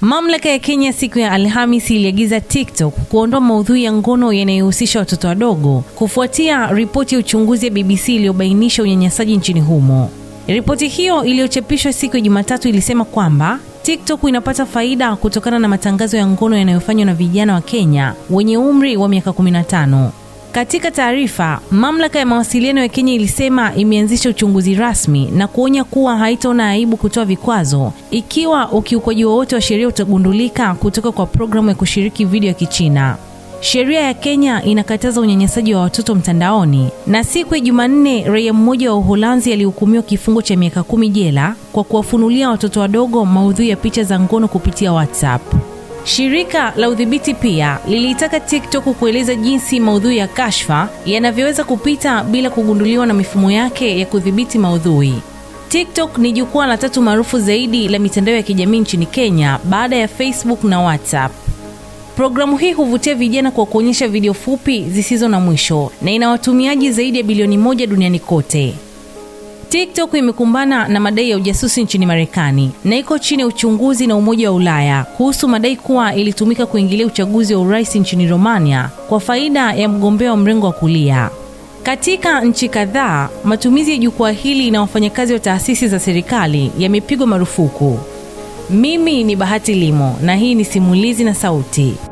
Mamlaka ya Kenya siku ya Alhamisi iliagiza TikTok kuondoa maudhui ya ngono yanayohusisha watoto wadogo kufuatia ripoti ya uchunguzi ya BBC iliyobainisha unyanyasaji nchini humo. Ripoti hiyo iliyochapishwa siku ya Jumatatu ilisema kwamba TikTok inapata faida kutokana na matangazo ya ngono yanayofanywa na vijana wa Kenya wenye umri wa miaka 15. Katika taarifa, mamlaka ya mawasiliano ya Kenya ilisema imeanzisha uchunguzi rasmi na kuonya kuwa haitaona aibu kutoa vikwazo ikiwa ukiukwaji wowote wa sheria utagundulika kutoka kwa programu ya kushiriki video ya Kichina. Sheria ya Kenya inakataza unyanyasaji wa watoto mtandaoni, na siku ya Jumanne raia mmoja wa Uholanzi alihukumiwa kifungo cha miaka kumi jela kwa kuwafunulia watoto wadogo maudhui ya picha za ngono kupitia WhatsApp. Shirika la udhibiti pia liliitaka TikTok kueleza jinsi maudhui ya kashfa yanavyoweza kupita bila kugunduliwa na mifumo yake ya kudhibiti maudhui. TikTok ni jukwaa la tatu maarufu zaidi la mitandao ya kijamii nchini Kenya baada ya Facebook na WhatsApp. Programu hii huvutia vijana kwa kuonyesha video fupi zisizo na mwisho na ina watumiaji zaidi ya bilioni moja duniani kote. TikTok imekumbana na madai ya ujasusi nchini Marekani na iko chini ya uchunguzi na Umoja wa Ulaya kuhusu madai kuwa ilitumika kuingilia uchaguzi wa urais nchini Romania kwa faida ya mgombea wa mrengo wa kulia. Katika nchi kadhaa, matumizi ya jukwaa hili na wafanyakazi wa taasisi za serikali yamepigwa marufuku. Mimi ni Bahati Limo na hii ni Simulizi na Sauti.